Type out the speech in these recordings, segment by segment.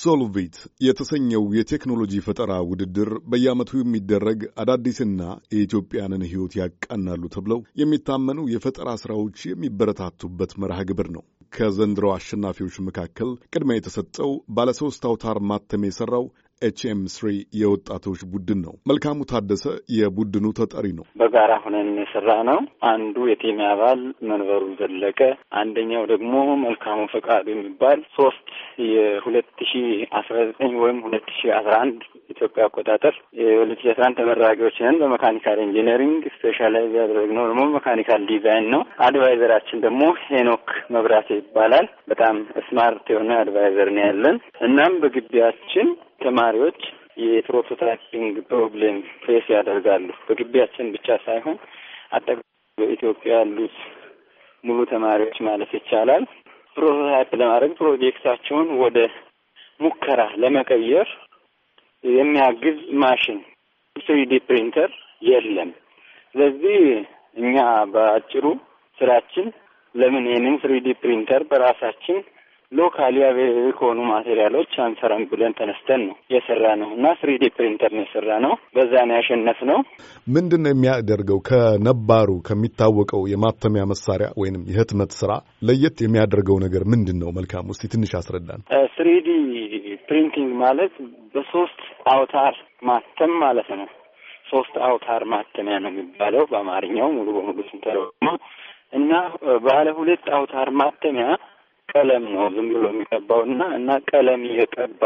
ሶልቪት የተሰኘው የቴክኖሎጂ ፈጠራ ውድድር በየዓመቱ የሚደረግ አዳዲስና የኢትዮጵያንን ሕይወት ያቃናሉ ተብለው የሚታመኑ የፈጠራ ሥራዎች የሚበረታቱበት መርሃ ግብር ነው። ከዘንድሮ አሸናፊዎች መካከል ቅድሚያ የተሰጠው ባለሶስት አውታር ማተም የሠራው ኤችኤም ስሪ የወጣቶች ቡድን ነው። መልካሙ ታደሰ የቡድኑ ተጠሪ ነው። በጋራ ሁነን የሰራ ነው። አንዱ የቴሚ አባል መንበሩ ዘለቀ፣ አንደኛው ደግሞ መልካሙ ፈቃዱ የሚባል ሶስት የሁለት ሺ አስራ ዘጠኝ ወይም ሁለት ሺ አስራ አንድ ኢትዮጵያ አቆጣጠር የሁለት ሺ አስራ አንድ ተመራቂዎች ነን። በመካኒካል ኢንጂነሪንግ ስፔሻላይዝ ያደረግነው ደግሞ መካኒካል ዲዛይን ነው። አድቫይዘራችን ደግሞ ሄኖክ መብራቴ ይባላል። በጣም ስማርት የሆነ አድቫይዘር ነው ያለን። እናም በግቢያችን ተማሪዎች የፕሮቶታይፒንግ ፕሮብሌም ፌስ ያደርጋሉ። በግቢያችን ብቻ ሳይሆን አጠቃላይ በኢትዮጵያ ያሉት ሙሉ ተማሪዎች ማለት ይቻላል ፕሮቶታይፕ ለማድረግ ፕሮጀክታቸውን ወደ ሙከራ ለመቀየር የሚያግዝ ማሽን ትሪዲ ፕሪንተር የለም። ስለዚህ እኛ በአጭሩ ስራችን ለምን ይህንን ትሪዲ ፕሪንተር በራሳችን ሎካል ያቬሬብል ከሆኑ ማቴሪያሎች አንሰራም ብለን ተነስተን ነው የሰራ ነው እና ስሪዲ ፕሪንተር ነው የሰራ ነው። በዛ ነው ያሸነፍ ነው። ምንድን ነው የሚያደርገው ከነባሩ ከሚታወቀው የማተሚያ መሳሪያ ወይንም የህትመት ስራ ለየት የሚያደርገው ነገር ምንድን ነው? መልካም ውስጥ ትንሽ አስረዳን። ስሪዲ ፕሪንቲንግ ማለት በሶስት አውታር ማተም ማለት ነው። ሶስት አውታር ማተሚያ ነው የሚባለው በአማርኛው ሙሉ በሙሉ ስንተረጉመው እና ባለ ሁለት አውታር ማተሚያ ቀለም ነው ዝም ብሎ የሚቀባው እና እና ቀለም እየቀባ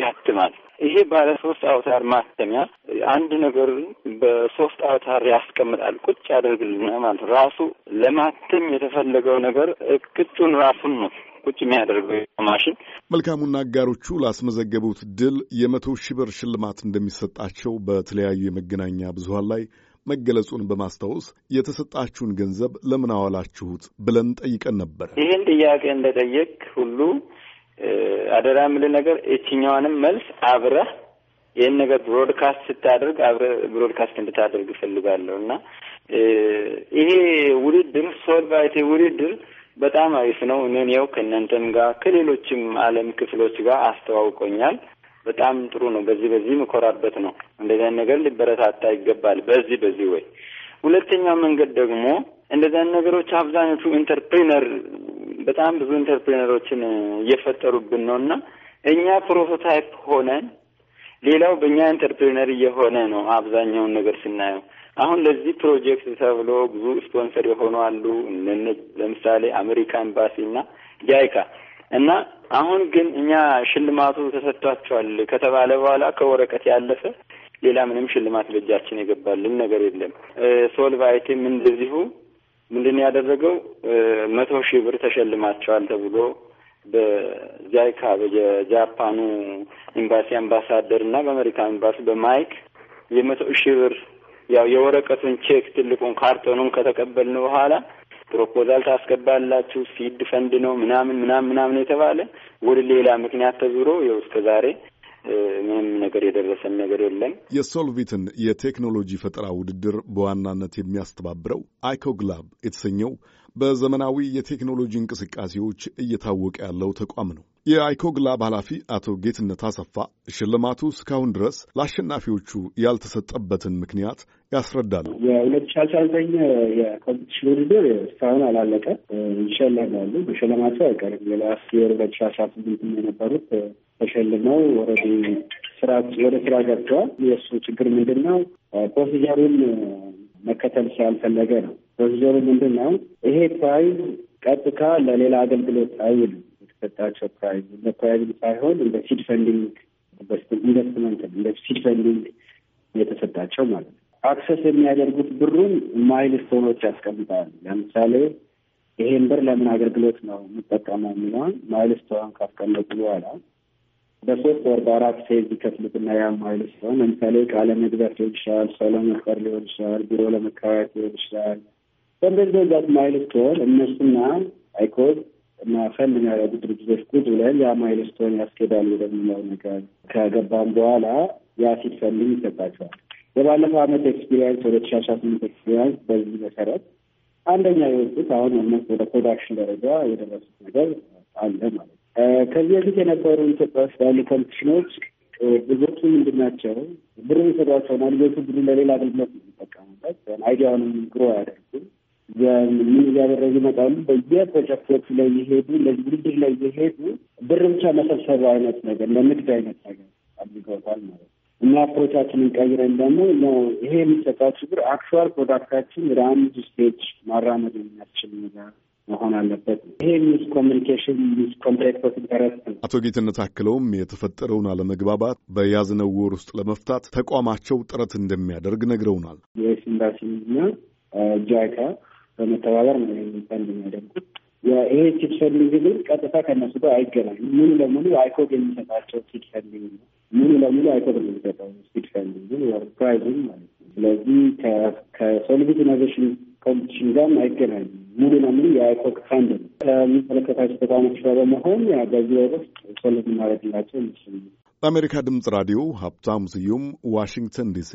ያትማል። ይሄ ባለሶስት አውታር ማተሚያ አንድ ነገር በሶስት አውታር ያስቀምጣል፣ ቁጭ ያደርግልና ማለት ራሱ ለማተም የተፈለገው ነገር ቅጩን ራሱን ነው ቁጭ የሚያደርገው ማሽን። መልካሙና አጋሮቹ ላስመዘገቡት ድል የመቶ ሺህ ብር ሽልማት እንደሚሰጣቸው በተለያዩ የመገናኛ ብዙሀን ላይ መገለጹን በማስታወስ የተሰጣችሁን ገንዘብ ለምን አዋላችሁት ብለን ጠይቀን ነበረ። ይህን ጥያቄ እንደጠየቅ ሁሉ አደራ የምልህ ነገር የችኛዋንም መልስ አብረህ ይህን ነገር ብሮድካስት ስታደርግ አብረህ ብሮድካስት እንድታደርግ እፈልጋለሁ እና ይሄ ውድድር ሶልቫይቴ ውድድር በጣም አሪፍ ነው። እኔን ያው ከእናንተም ጋር ከሌሎችም ዓለም ክፍሎች ጋር አስተዋውቆኛል። በጣም ጥሩ ነው። በዚህ በዚህ ምኮራበት ነው። እንደዚህ ነገር ሊበረታታ ይገባል። በዚህ በዚህ ወይ ሁለተኛው መንገድ ደግሞ እንደዚያን ነገሮች አብዛኞቹ ኢንተርፕሪነር በጣም ብዙ ኢንተርፕሪነሮችን እየፈጠሩብን ነው እና እኛ ፕሮቶታይፕ ሆነን ሌላው በእኛ ኢንተርፕሪነር እየሆነ ነው። አብዛኛውን ነገር ስናየው አሁን ለዚህ ፕሮጀክት ተብሎ ብዙ ስፖንሰር የሆኑ አሉ። ለምሳሌ አሜሪካ ኤምባሲ እና ጃይካ እና አሁን ግን እኛ ሽልማቱ ተሰጥቷቸዋል ከተባለ በኋላ ከወረቀት ያለፈ ሌላ ምንም ሽልማት በእጃችን የገባልን ነገር የለም። ሶልቫይትም እንደዚሁ ምንድን ያደረገው? መቶ ሺህ ብር ተሸልማቸዋል ተብሎ በጃይካ በጃፓኑ ኤምባሲ አምባሳደር እና በአሜሪካ ኤምባሲ በማይክ የመቶ ሺህ ብር ያው የወረቀቱን ቼክ ትልቁን ካርቶኑን ከተቀበልን በኋላ ፕሮፖዛል ታስገባላችሁ፣ ሲድ ፈንድ ነው ምናምን ምናምን ምናምን የተባለ ወደ ሌላ ምክንያት ተዙሮ ይኸው እስከ ዛሬ ምንም ነገር የደረሰም ነገር የለም። የሶልቪትን የቴክኖሎጂ ፈጠራ ውድድር በዋናነት የሚያስተባብረው አይኮግላብ የተሰኘው በዘመናዊ የቴክኖሎጂ እንቅስቃሴዎች እየታወቀ ያለው ተቋም ነው። የአይኮግላብ ኃላፊ አቶ ጌትነት አሰፋ ሽልማቱ እስካሁን ድረስ ለአሸናፊዎቹ ያልተሰጠበትን ምክንያት ያስረዳሉ። የሁለት ሺ አስራ ዘጠኝ የኮምፒቲሽን ውድድር እስካሁን አላለቀ። ይሸለማሉ፣ መሸለማቸው አይቀርም። የላስት የር ሁለት ሺ አስራ ስምንት የነበሩት ተሸልመው ወረዱ ስራ ወደ ስራ ገብተዋል። የእሱ ችግር ምንድን ነው? ፕሮሲጀሩን መከተል ስላልፈለገ ነው። ፕሮሲጀሩ ምንድን ነው? ይሄ ፕራይዝ ቀጥታ ለሌላ አገልግሎት አይውልም። የተሰጣቸው ፕራይዝ ፕራይዝ ሳይሆን እንደ ሲድ ፈንዲንግ ኢንቨስትመንት እንደ ሲድ ፈንዲንግ የተሰጣቸው ማለት ነው። አክሰስ የሚያደርጉት ብሩን ማይል ስቶኖች ያስቀምጣል። ለምሳሌ ይሄን ብር ለምን አገልግሎት ነው የምጠቀመው የሚለውን ስቶን ካስቀመጡ በኋላ በሶስት ወር በአራት ፌዝ ይከፍሉትና ያ ማይል ስቶን ለምሳሌ ቃለ መግዛት ሊሆን ይችላል፣ ሰው ለመቅጠር ሊሆን ይችላል፣ ቢሮ ለመከራየት ሊሆን ይችላል። በእንደዚህ በዛት ማይል ስቶን እነሱና አይኮዝ እና ፈንድ የሚያደርጉት ድርጅቶች ቁጭ ብለን ያ ማይልስቶን ያስኬዳል ወደሚለው ነገር ከገባም በኋላ የአሲድ ፈንድም ይሰጣቸዋል። የባለፈው አመት ኤክስፒሪንስ ወደ ተሻሻ ስምንት ኤክስፒሪንስ በዚህ መሰረት አንደኛ የወጡት አሁን ነት ወደ ፕሮዳክሽን ደረጃ የደረሱት ነገር አለ ማለት ነው። ከዚህ በፊት የነበሩ ኢትዮጵያ ውስጥ ያሉ ኮምፒቲሽኖች ብዙዎቹ ምንድን ናቸው? ብሩ ይሰጧቸውና ልጆቹ ብሩ ለሌላ አገልግሎት ነው የሚጠቀሙበት አይዲያውንም ግሮ አያደርጉም። ምን እያደረጉ ይመጣሉ? በየፕሮጀክቶች ላይ እየሄዱ እንደዚህ ውድድር ላይ እየሄዱ ብር ብቻ መሰብሰቡ አይነት ነገር ለንግድ አይነት ነገር አድርገውታል ማለት ነው። እና አፕሮቻችንን ቀይረን ደግሞ ይሄ የሚሰጣው ችግር አክቹዋል ፕሮዳክታችን ወደ አንድ ስቴጅ ማራመድ የሚያስችል ነገር መሆን አለበት። ይሄ ሚስ ኮሚኒኬሽን ሚስ ኮንትራክቶች ነው። አቶ ጌትነት አክለውም የተፈጠረውን አለመግባባት በያዝነው ወር ውስጥ ለመፍታት ተቋማቸው ጥረት እንደሚያደርግ ነግረውናል። የኤስ ኤምባሲ እና ጃይካ በመተባበር ነው ይህን የሚያደርጉት። ይሄ ሲድ ፈንዲንግ ግን ቀጥታ ከነሱ ጋር አይገናኝም። ሙሉ ለሙሉ አይኮድ የሚሰጣቸው ሲድ ነው። ሙሉ ለሙሉ አይኮድ የሚሰጠው ሲድ ፈንዲንግ ወር ፕራይዙም ማለት ነው። ስለዚህ ከሶሊድ ኢኖቬሽን ኮምፒቲሽን ጋርም አይገናኝም። ሙሉ ለሙሉ የአይኮድ ፋንድ ነው። ከሚመለከታቸው ተቋሞች ጋር በመሆን በዚህ ወር ውስጥ ሶሊድ እናደርግላቸው ምስል በአሜሪካ ድምጽ ራዲዮ ሀብታሙ ስዩም ዋሽንግተን ዲሲ